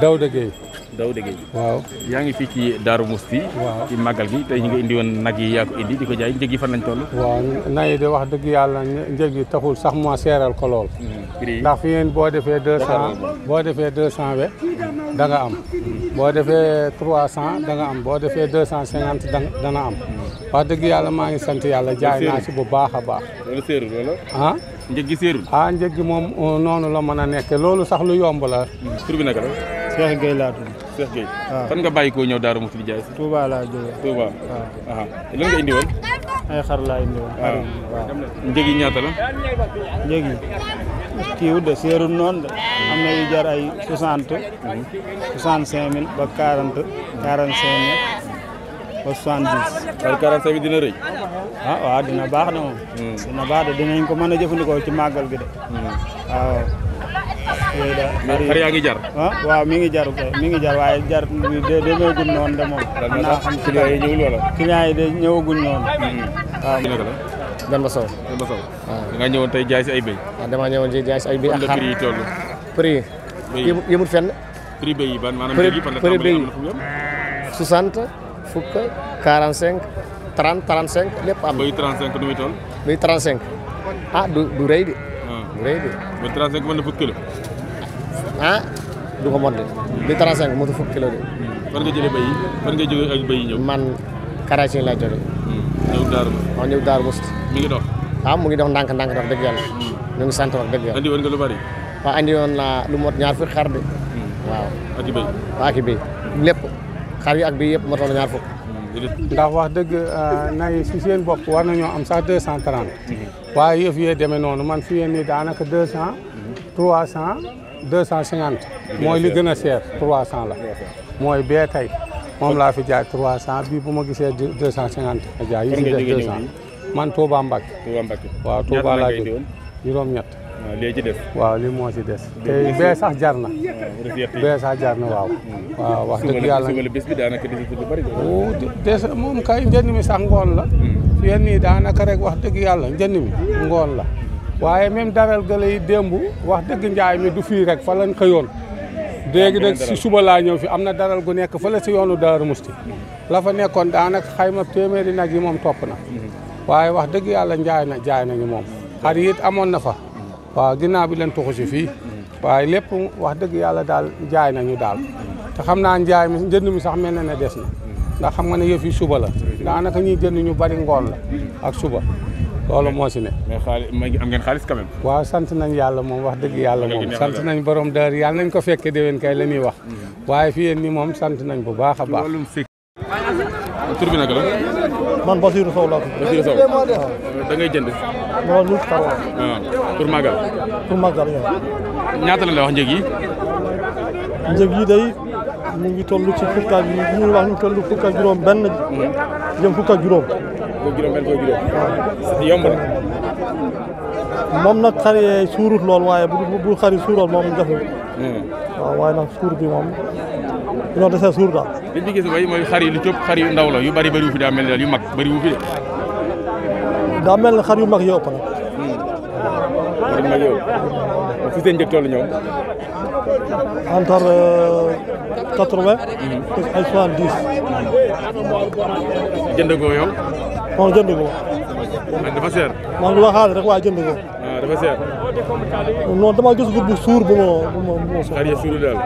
dawda gey dawda gey waaw yaa ngi fii ci daaru musti waaw ci magal gi tey ñu ngi indi woon nag yi yaa ko indi di ko jaay njëg yi fan lañ toll waaw nay de wax dëgg yàlla njëg yi taxul sax moo seeral ko lool hmm, ndax fi ngeen boo defee deux cent boo defee deux cent we da nga am boo defee trois cent da nga am boo defee deux cent cinquante dana am hmm. wax dëgg yàlla maa ngi sant yàlla jaay naa si bu baax a baax ah njëg gi séerul. ah njëg gi moom uh, noonu la mën a nekk loolu sax lu yomb la. Hmm, tur bi na la. Cheikh Gueye laa tudd. Cheikh Gueye. waaw ah. fan nga bàyyi koo ñëw Darou Mouhty di jaay si. Touba laa jógee. Touba waaw. Ah. lan nga indi ay xar laa indi woon. Ah. ñaata la. njëg yi kii wu de séerul noonu de am na yu jar ay soixante. Hmm. soixante cinq mille ba quarante. quarante cinq mille ba soixante dix. waaye quarante cinq mille dina rëy. ah waaw dina baax de moom. dina baax de dinañ ko mën a jëfandikoo ci màggal gi de. waaw. yooyu ngi jar. ah waaw mi ngi jar mi ngi jar waaye jar bi de demeegul noonu de moom. xam a xam client yi ñëwul wala. client yi de ñëwagul noonu. Hmm. waaw dina ko gan ba sow ah. tey jaay ay béy. waaw ah, damaa ñëwoon tey ay béy a xar prix yi toll. prix yi yëmul fenn. prix béy 30-35 lepp am. Buy 35 ko numuy toll? Buy 35. Ah du ha. ha? du reey de. Du reey de. Buy 35 mën na fukk kilo. Ah du ko mënde. Buy 35 mën na fukk kilo de. Fan nga jëlee bay yi? Fan nga jëlee ak bay yi ñëw? Man Karachi lay jëlee. Ñëw Daru. Ah ñëw Daru Moust. Mi ngi dox. Ah mu ngi dox ndank ndank dox dëgg yàlla. Ñu ngi sant wax dëgg yàlla. Andi woon nga lu bari. Wa andi woon la lu mot ñaar fukk xar de. Hmm. Waaw. Ak i bay. Ak i bay. Lépp. Xar yi ak bi yëpp mot woon ñaar fukk. Hmm. ndax wax dëgg euh, nag yi si seen bopp war na nañoo am sax deux cent trente waaye yëf yee demee noonu man fi yéen ni daanaka deux cent trois cent deux cent cinquante mooy li gën a seer trois cent la mooy bee tey moom laa fi jaay trois cent bii bu ma gisee deux cent cinquante a jaay yi si def deux cent man Touba Mbacke waaw Touba laa jóg juróom lii ci des. waaw lii moo ci des. te bee sax jar na. Ah, bee sax jar waaw. Hmm. waaw wax dëgg yàlla suba la bés bi daanaka des lu bari. des moom kay njënd mi sax ngoon la. Hmm. yéen ñii daanaka rek wax dëgg yàlla njënd ngoon la. waaye même daral gële yi démb wax dëgg njaay mi du fii rek fa lañ xëyoon. léegi nag si suba laa ñëw fi am na daral gu nekk fële si yoonu Daaru Musti la fa nekkoon daanaka xayma téeméeri nag yi moom topp na. Hmm. waaye wax dëgg yàlla njaay na jaay nañu moom. xar it amoon na fa. waaw ginnaaw bi leen tuxu si fii mm. waaye lépp wax dëgg yàlla daal jaay nañu daal te xam naa njaay mi njënd mi sax mel na ne des na ndax xam nga ne yëf yi suba la daanaka ñuy jënd ñu bari ngoon la ak suba loolu moo si ne. mais xaalis am ngeen xaalis quand même. waaw sant nañ yàlla moom wax dëgg yàlla moom sant nañ borom dër yàlla nañ ko fekkee déwén kay la ñuy wax mm. waaye fi yéen moom sant nañ bu baax a baax. tur bi naka la. man Basirou Sow laa tudd. Basirou Sow da ngay jënd. non ñu ngi waaw pour Magal. pour Magal waaw. ñaata la wax njëg yi. njëg mu ngi toll ci fukk ak ñu ngi juróom benn. Mhm. jëm fukk juróom. fukk na. moom nag xar lool waaye bu bu xari suurool moom jafe. Hmm. Ah, waaye nag suur bi moom. dañoo dese suur daal liñ fi gis mooy xar yi lu cëpp xar yu ndaw la yu bari bari wu fi daa mel ni yu mag bari wu fi de mel ne xar yu mag yi ëpp na xar yu mag yow fi seen njëg toll ñoom entre euh, quatre-vingt ak mhm. ay soixante-dix jënd ko yow non jënd ko man dafa seer. man lu ma xaar rek waa jënd ko. waaw ah, dafa seer. non damaa gis bu suur bu ma bu ma bu ma. xar ya daal.